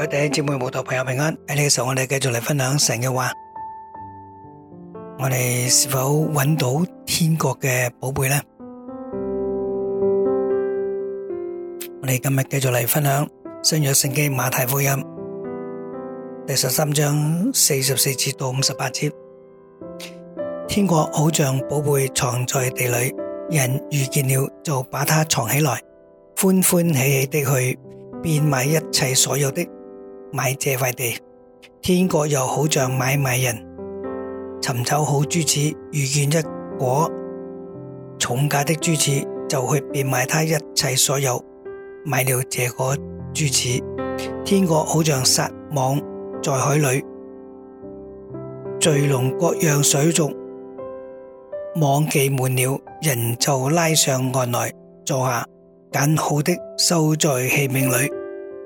各位弟兄姊妹、慕道朋友平安！喺呢個時候，我哋繼續嚟分享神嘅話。我哋是否揾到天國嘅寶貝呢？我哋今日繼續嚟分享新約聖經馬太福音第十三章四十四節到五十八節。天國好像寶貝藏在地裏，人遇見了就把它藏起來，歡歡喜喜的去變賣一切所有的。買這塊地，天國又好像買賣人，尋找好珠子，遇見一顆重價的珠子，就去變賣他一切所有，買了這個珠子。天國好像撒網在海裏，聚攏各樣水族，網既滿了，人就拉上岸來坐下，揀好的收在器皿裏，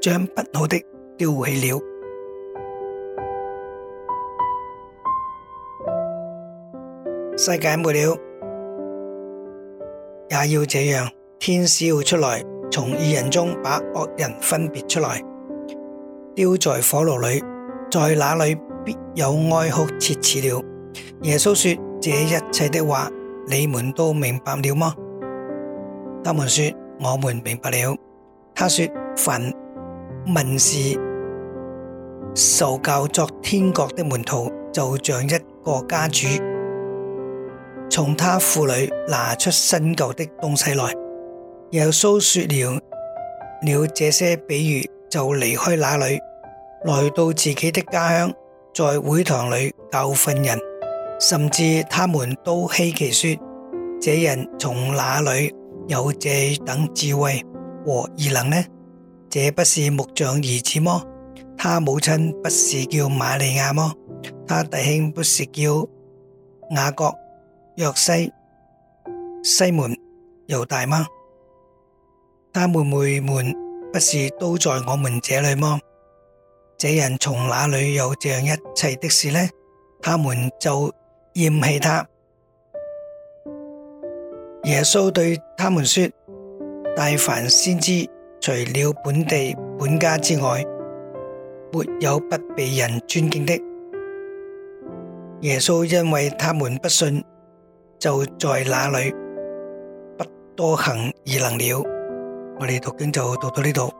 將不好的。丟棄了，世界末了，也要這樣。天使要出來，從二人中把惡人分別出來，丟在火爐裏，在那裏必有哀哭切齒了。耶穌說這一切的話，你們都明白了嗎？他們說：我們明白了。他說：凡民是。受教作天國的門徒，就像一個家主，從他庫裏拿出新舊的東西來，又蘇說了了這些比喻，就離開那裏，來到自己的家鄉，在會堂裏教訓人，甚至他們都希奇說：這人從哪裏有這等智慧和異能呢？這不是木匠兒子麼？他母親不是叫瑪利亞麼？他弟兄不是叫雅各、約西、西門、猶大嗎？他妹妹們不是都在我們這裏麼？這人從哪裏有這樣一切的事呢？他們就厭棄他。耶穌對他們說：大凡先知，除了本地本家之外，沒有不被人尊敬的。耶穌因為他們不信，就在那裏不多行異能了。我哋讀經就讀到呢度，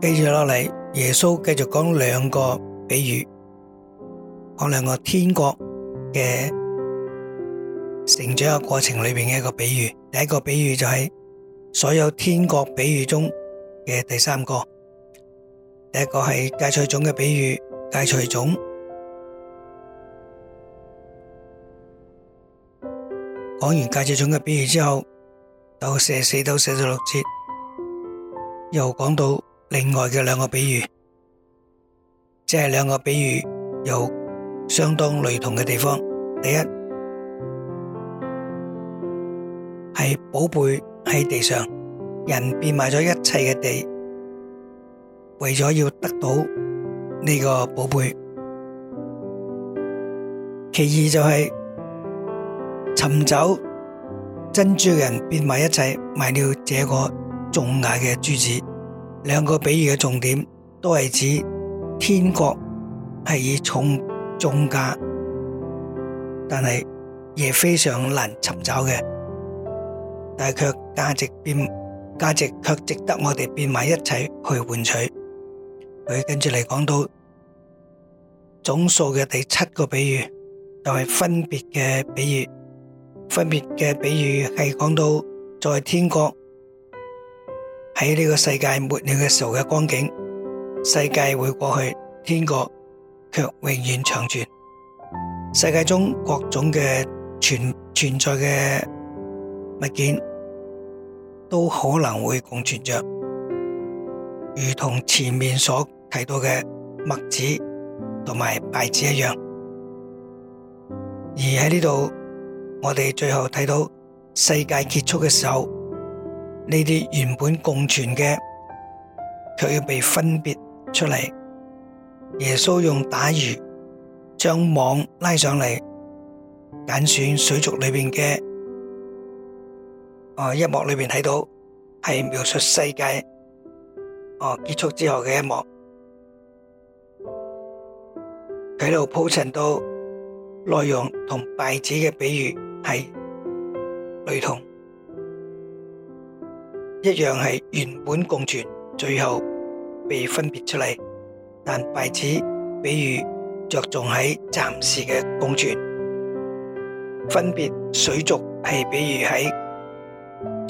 記住落嚟。耶穌繼續講兩個比喻，講兩個天國嘅成長嘅過程裏邊嘅一個比喻。第一個比喻就係、是。所有天國比喻中嘅第三個，第一個係芥菜種嘅比喻，芥菜種。講完芥菜種嘅比喻之後，到四十四到四十六節，又講到另外嘅兩個比喻，即係兩個比喻有相當雷同嘅地方。第一係寶貝。喺地上，人變賣咗一切嘅地，為咗要得到呢個寶貝。其二就是尋找珍珠的人變賣一切，買了這個重價嘅珠子。兩個比喻嘅重點都是指天國是以重重價，但是亦非常難尋找嘅。但係卻價值價值卻值得我哋變埋一齊去換取。佢跟住嚟，講到總數嘅第七個比喻，就係、是、分別嘅比喻。分別嘅比喻係講到在天國喺呢個世界末了嘅時候嘅光景，世界會過去，天國卻永遠長存。世界中各種嘅存存在嘅，物件都可能會共存着，如同前面所提到嘅麥子同埋稗子一樣。而喺呢度，我哋最後睇到世界結束嘅時候，呢啲原本共存嘅，卻要被分別出嚟。耶穌用打魚將網拉上嚟，揀選水族裏面嘅。哦，一幕裏邊睇到係描述世界哦結束之後嘅一幕，喺度鋪陳到內容同敗子嘅比喻係雷同，一樣係原本共存，最後被分別出嚟，但敗子比喻着重喺暫時嘅共存，分別水族係比如喺。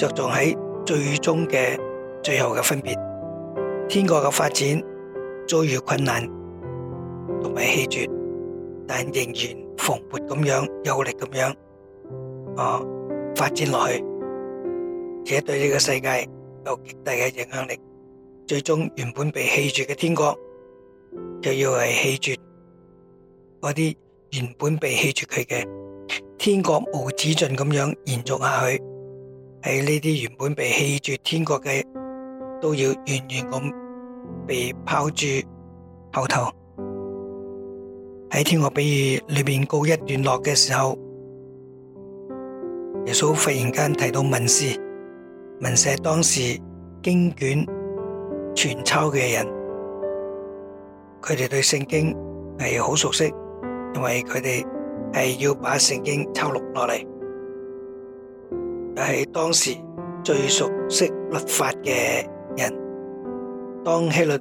着重喺最終嘅最後嘅分別，天國嘅發展遭遇困難同埋棄絕，但仍然蓬勃咁樣、有力咁樣啊發展落去，且對呢個世界有極大嘅影響力。最終原本被棄絕嘅天國，就要係棄絕嗰啲原本被棄絕佢嘅天國，無止盡咁樣延續下去。喺呢啲原本被棄絕天國嘅，都要遠遠咁被拋住後頭。喺天國比喻裏邊告一段落嘅時候，耶穌忽然間提到文士，文士當時經卷全抄嘅人，佢哋對聖經係好熟悉，因為佢哋係要把聖經抄錄落嚟。係當時最熟悉律法嘅人，當希律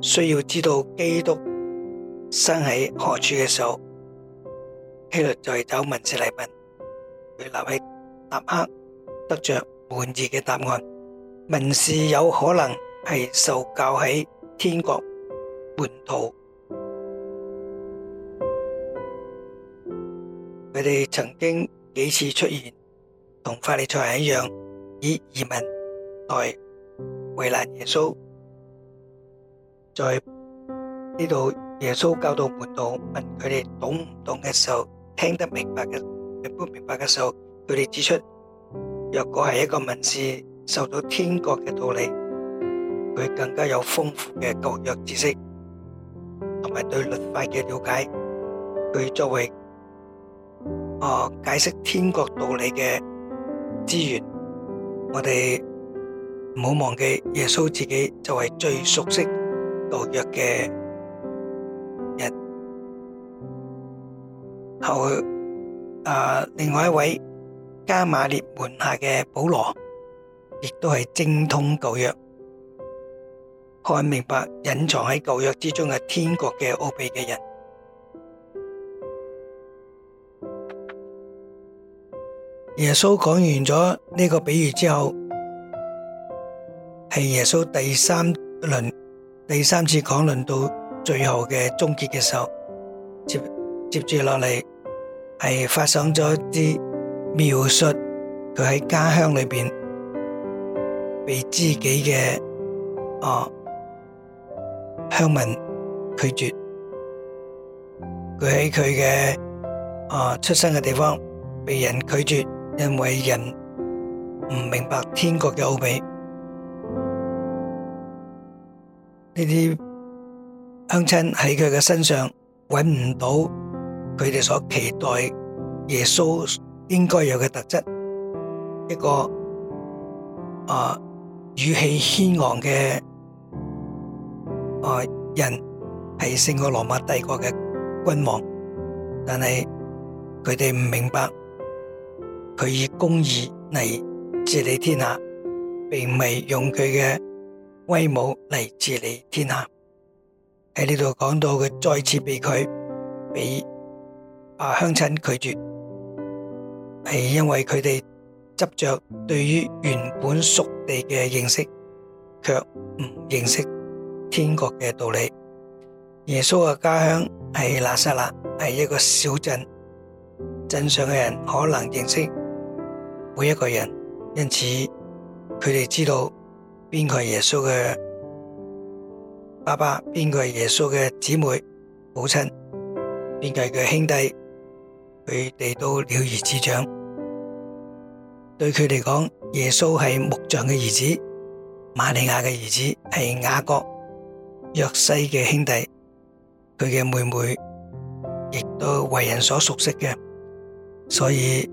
需要知道基督生喺何處嘅時候，希律就係搵文士嚟問，佢立起立刻得着滿意嘅答案，文士有可能係受教喺天國門徒，佢哋曾經幾次出現，同法利賽人一樣，以疑問來為難耶穌。在呢度，耶穌教導門徒，問佢哋懂唔懂嘅時候，聽得明白嘅，明不明白嘅時候，佢哋指出，若果係一個文士受到天國嘅道理，佢更加有豐富嘅舊約知識，同埋對律法嘅了解，佢作為啊解釋天國道理嘅。之餘，我哋唔好忘記耶穌自己就係最熟悉舊約嘅人，後、啊、另外一位迦瑪列門下嘅保羅，亦都係精通舊約，看明白隱藏喺舊約之中嘅天國嘅奧秘嘅人。耶穌講完咗這個比喻之後，係耶穌第三輪，第三次講論到最後的終結的時候，接，接住落嚟，係發生咗啲描述，佢喺家鄉裏面，被自己的，呃，鄉民，拒絕，佢喺佢的，呃，出生的地方，被人，拒絕。因為人唔明白天國嘅奧秘，呢啲鄉親喺佢嘅身上揾唔到佢哋所期待耶穌應該有嘅特質，一個啊、呃、語氣軒昂嘅啊、呃、人係成個羅馬帝國嘅君王，但係佢哋唔明白。佢以公義嚟治理天下，並唔係用佢嘅威武嚟治理天下。喺呢度講到佢再次被佢被啊鄉親拒絕，係因為佢哋執着對於原本屬地嘅認識，卻唔認識天國嘅道理。耶穌嘅家鄉係拿撒勒，係一個小鎮，鎮上嘅人可能認識。每一個人，因此佢哋知道邊個係耶穌嘅爸爸，邊個係耶穌嘅姊妹、母親，邊個係佢兄弟，佢哋都了如指掌。對佢哋嚟講，耶穌係木匠嘅兒子，瑪利亞嘅兒子係雅各、約西嘅兄弟，佢嘅妹妹亦都為人所熟悉嘅，所以。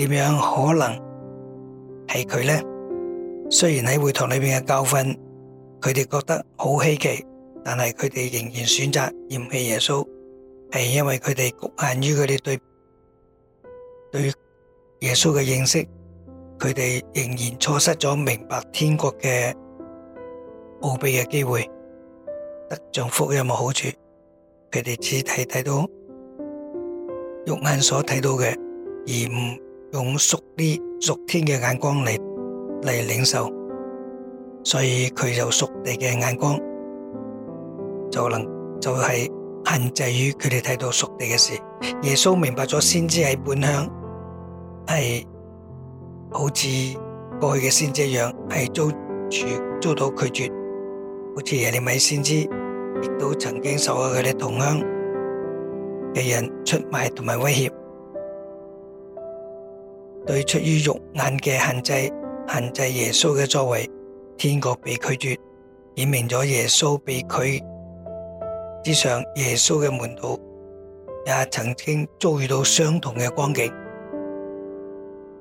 點樣可能係佢咧？雖然喺會堂裏邊嘅教訓，佢哋覺得好稀奇，但係佢哋仍然選擇嫌棄耶穌，係因為佢哋局限於佢哋對對耶穌嘅認識，佢哋仍然錯失咗明白天國嘅奧秘嘅機會，得上福音嘅好處，佢哋只睇睇到肉眼所睇到嘅，而唔。用屬地、屬天嘅眼光嚟嚟領受，所以佢就屬地嘅眼光就能就係限制於佢哋睇到屬地嘅事。耶穌明白咗先知喺本鄉係好似過去嘅先知一樣係遭處遭到拒絕，好似耶利米先知亦都曾經受過佢哋同鄉嘅人出賣同埋威脅。對出於肉眼嘅限制，限制耶穌嘅作為，天國被拒絕，顯明咗耶穌被拒之上，耶穌嘅門徒也曾經遭遇到相同嘅光景。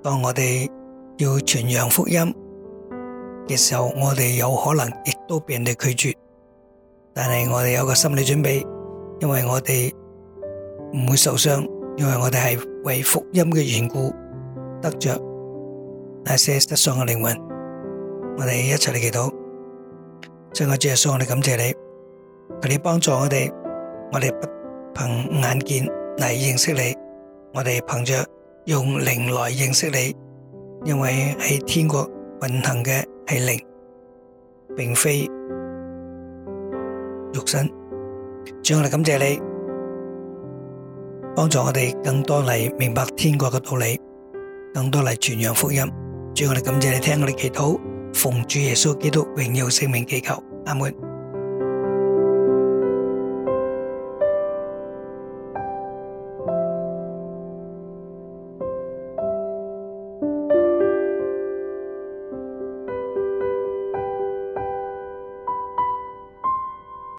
當我哋要傳揚福音嘅時候，我哋有可能亦都被人哋拒絕，但係我哋有個心理準備，因為我哋唔會受傷，因為我哋係為福音嘅緣故。得着那些失喪嘅靈魂，我哋一齊嚟祈禱，向我主耶穌，我哋感謝你，佢哋幫助我哋，我哋不憑眼見嚟認識你，我哋憑着用靈嚟認識你，因為喺天國運行嘅係靈，並非肉身。我哋感謝你，幫助我哋更多嚟明白天國嘅道理。更多嚟傳揚福音，主，我哋感謝你聽我哋祈禱，奉主耶穌基督榮耀聖名祈求，阿門。